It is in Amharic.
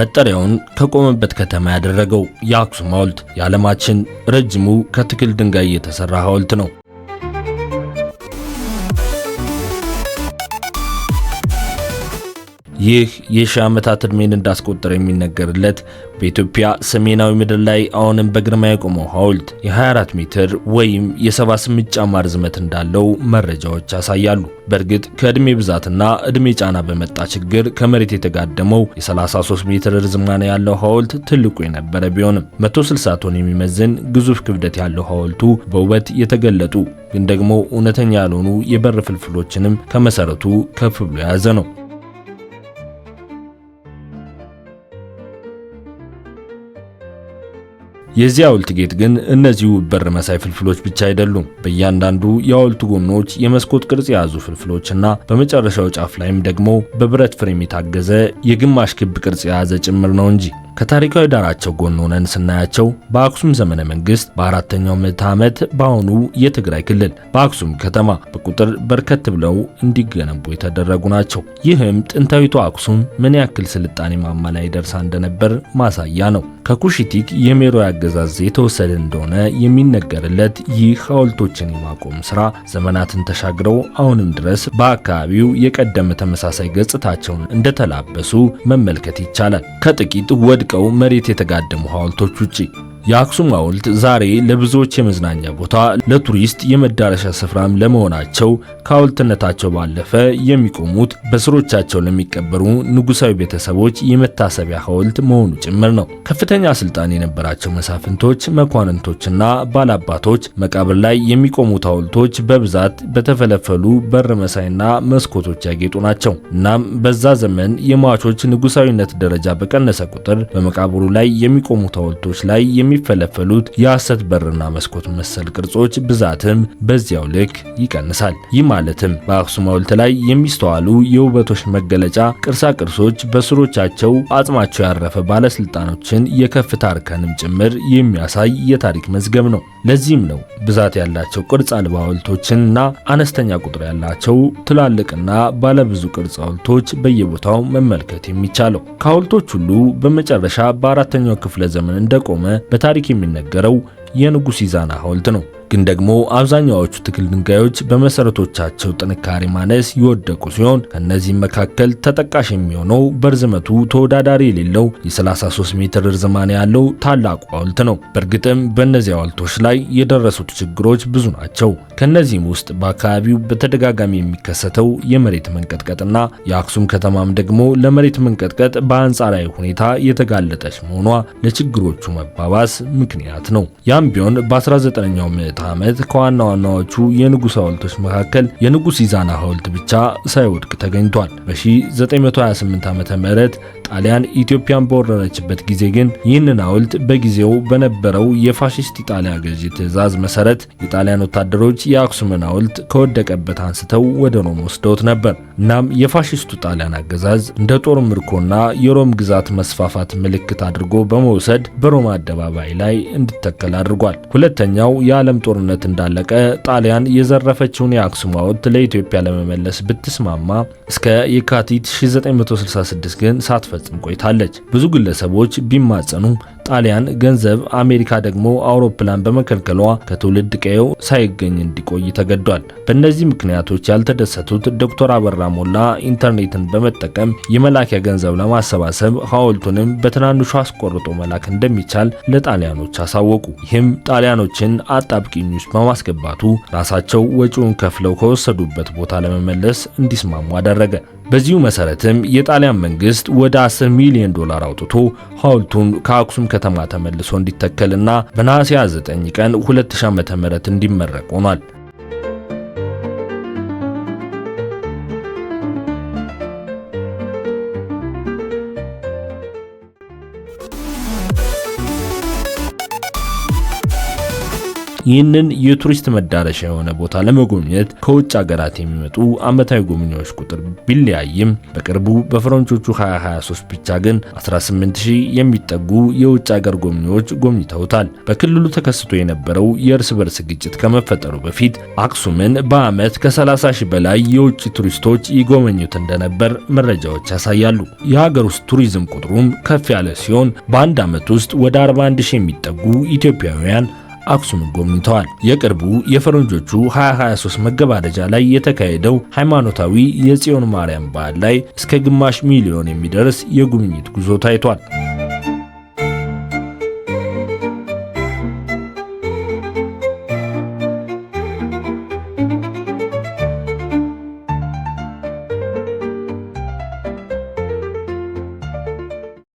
መጠሪያውን ከቆመበት ከተማ ያደረገው የአክሱም ሐውልት የዓለማችን ረጅሙ ከትክል ድንጋይ የተሠራ ሐውልት ነው። ይህ የሺ ዓመታት ዕድሜን እንዳስቆጠረ የሚነገርለት በኢትዮጵያ ሰሜናዊ ምድር ላይ አሁንም በግርማ የቆመው ሐውልት የ24 ሜትር ወይም የ78 ጫማ ርዝመት እንዳለው መረጃዎች ያሳያሉ። በእርግጥ ከዕድሜ ብዛትና ዕድሜ ጫና በመጣ ችግር ከመሬት የተጋደመው የ33 ሜትር ርዝማና ያለው ሐውልት ትልቁ የነበረ ቢሆንም 160 ቶን የሚመዝን ግዙፍ ክብደት ያለው ሐውልቱ በውበት የተገለጡ ግን ደግሞ እውነተኛ ያልሆኑ የበር ፍልፍሎችንም ከመሠረቱ ከፍ ብሎ የያዘ ነው። የዚህ ሐውልት ጌጥ ግን እነዚህ ውብ በር መሳይ ፍልፍሎች ብቻ አይደሉም። በእያንዳንዱ የሐውልቱ ጎኖች የመስኮት ቅርጽ የያዙ ፍልፍሎችና በመጨረሻው ጫፍ ላይም ደግሞ በብረት ፍሬም የታገዘ የግማሽ ክብ ቅርጽ የያዘ ጭምር ነው እንጂ ከታሪካዊ ዳራቸው ጎን ሆነን ስናያቸው በአክሱም ዘመነ መንግስት በአራተኛው ምዕተ ዓመት በአሁኑ የትግራይ ክልል በአክሱም ከተማ በቁጥር በርከት ብለው እንዲገነቡ የተደረጉ ናቸው። ይህም ጥንታዊቱ አክሱም ምን ያክል ስልጣኔ ማማ ላይ ደርሳ እንደነበር ማሳያ ነው። ከኩሽቲክ የሜሮ አገዛዝ የተወሰደ እንደሆነ የሚነገርለት ይህ ሐውልቶችን የማቆም ስራ ዘመናትን ተሻግረው አሁንም ድረስ በአካባቢው የቀደመ ተመሳሳይ ገጽታቸውን እንደተላበሱ መመልከት ይቻላል። ከጥቂት ወደ ከወድቀው መሬት የተጋደሙ ሐውልቶች ውጪ የአክሱም ሐውልት ዛሬ ለብዙዎች የመዝናኛ ቦታ፣ ለቱሪስት የመዳረሻ ስፍራም ለመሆናቸው ከሐውልትነታቸው ባለፈ የሚቆሙት በስሮቻቸው ለሚቀበሩ ንጉሳዊ ቤተሰቦች የመታሰቢያ ሐውልት መሆኑ ጭምር ነው። ከፍተኛ ስልጣን የነበራቸው መሳፍንቶች፣ መኳንንቶችና ባላባቶች መቃብር ላይ የሚቆሙት ሐውልቶች በብዛት በተፈለፈሉ በር መሳይና መስኮቶች ያጌጡ ናቸው። እናም በዛ ዘመን የሟቾች ንጉሳዊነት ደረጃ በቀነሰ ቁጥር በመቃብሩ ላይ የሚቆሙት ሐውልቶች ላይ የሚፈለፈሉት የሐሰት በርና መስኮት መሰል ቅርጾች ብዛትም በዚያው ልክ ይቀንሳል። ይህ ማለትም በአክሱም ሐውልት ላይ የሚስተዋሉ የውበቶች መገለጫ ቅርሳ ቅርሶች በስሮቻቸው አጽማቸው ያረፈ ባለስልጣኖችን የከፍታ እርከንም ጭምር የሚያሳይ የታሪክ መዝገብ ነው። ለዚህም ነው ብዛት ያላቸው ቅርጽ አልባ ሐውልቶችንና አነስተኛ ቁጥር ያላቸው ትላልቅና ባለብዙ ቅርጽ ሐውልቶች በየቦታው መመልከት የሚቻለው። ከሐውልቶች ሁሉ በመጨረሻ በአራተኛው ክፍለ ዘመን እንደቆመ በታሪክ የሚነገረው የንጉሥ ይዛና ሐውልት ነው። ግን ደግሞ አብዛኛዎቹ ትክል ድንጋዮች በመሰረቶቻቸው ጥንካሬ ማነስ የወደቁ ሲሆን ከእነዚህም መካከል ተጠቃሽ የሚሆነው በርዝመቱ ተወዳዳሪ የሌለው የ33 ሜትር ርዝማኔ ያለው ታላቁ ሐውልት ነው። በእርግጥም በእነዚህ ሐውልቶች ላይ የደረሱት ችግሮች ብዙ ናቸው። ከእነዚህም ውስጥ በአካባቢው በተደጋጋሚ የሚከሰተው የመሬት መንቀጥቀጥና የአክሱም ከተማም ደግሞ ለመሬት መንቀጥቀጥ በአንጻራዊ ሁኔታ የተጋለጠች መሆኗ ለችግሮቹ መባባስ ምክንያት ነው። ያም ቢሆን በ19ኛው ምዕት ዓመት ከዋና ዋናዎቹ የንጉሥ ሐውልቶች መካከል የንጉሥ ኢዛና ሐውልት ብቻ ሳይወድቅ ተገኝቷል። በ928 ዓ ም ጣሊያን ኢትዮጵያን በወረረችበት ጊዜ ግን ይህንን ሐውልት በጊዜው በነበረው የፋሽስት ኢጣሊያ ገዢ ትእዛዝ መሰረት የጣሊያን ወታደሮች የአክሱምን ሐውልት ከወደቀበት አንስተው ወደ ሮም ወስደውት ነበር። እናም የፋሽስቱ ጣሊያን አገዛዝ እንደ ጦር ምርኮና የሮም ግዛት መስፋፋት ምልክት አድርጎ በመውሰድ በሮማ አደባባይ ላይ እንዲተከል አድርጓል። ሁለተኛው የዓለም ጦር ጦርነት እንዳለቀ ጣሊያን የዘረፈችውን የአክሱም ሐውልት ለኢትዮጵያ ለመመለስ ብትስማማ እስከ የካቲት 1966 ግን ሳትፈጽም ቆይታለች። ብዙ ግለሰቦች ቢማጸኑ ጣሊያን ገንዘብ፣ አሜሪካ ደግሞ አውሮፕላን በመከልከሏ ከትውልድ ቀየው ሳይገኝ እንዲቆይ ተገዷል። በእነዚህ ምክንያቶች ያልተደሰቱት ዶክተር አበራ ሞላ ኢንተርኔትን በመጠቀም የመላኪያ ገንዘብ ለማሰባሰብ ሐውልቱንም በትናንሹ አስቆርጦ መላክ እንደሚቻል ለጣሊያኖች አሳወቁ። ይህም ጣሊያኖችን አጣብቂኝ ውስጥ በማስገባቱ ራሳቸው ወጪውን ከፍለው ከወሰዱበት ቦታ ለመመለስ እንዲስማሙ አደረገ። በዚሁ መሰረትም የጣሊያን መንግስት ወደ 10 ሚሊዮን ዶላር አውጥቶ ሐውልቱን ከአክሱም ከተማ ተመልሶ እንዲተከልና በነሐሴ 9 ቀን 2000 ዓ.ም እንዲመረቅ ሆኗል። ይህንን የቱሪስት መዳረሻ የሆነ ቦታ ለመጎብኘት ከውጭ ሀገራት የሚመጡ ዓመታዊ ጎብኚዎች ቁጥር ቢለያይም በቅርቡ በፈረንጆቹ 2023 ብቻ ግን 18000 የሚጠጉ የውጭ ሀገር ጎብኚዎች ጎብኝተውታል። በክልሉ ተከስቶ የነበረው የእርስ በርስ ግጭት ከመፈጠሩ በፊት አክሱምን በዓመት ከ30 ሺህ በላይ የውጭ ቱሪስቶች ይጎበኙት እንደነበር መረጃዎች ያሳያሉ። የሀገር ውስጥ ቱሪዝም ቁጥሩም ከፍ ያለ ሲሆን በአንድ ዓመት ውስጥ ወደ 41 ሺህ የሚጠጉ ኢትዮጵያውያን አክሱምን ጎብኝተዋል። የቅርቡ የፈረንጆቹ 2023 መገባደጃ ላይ የተካሄደው ሃይማኖታዊ የጽዮን ማርያም በዓል ላይ እስከ ግማሽ ሚሊዮን የሚደርስ የጉብኝት ጉዞ ታይቷል።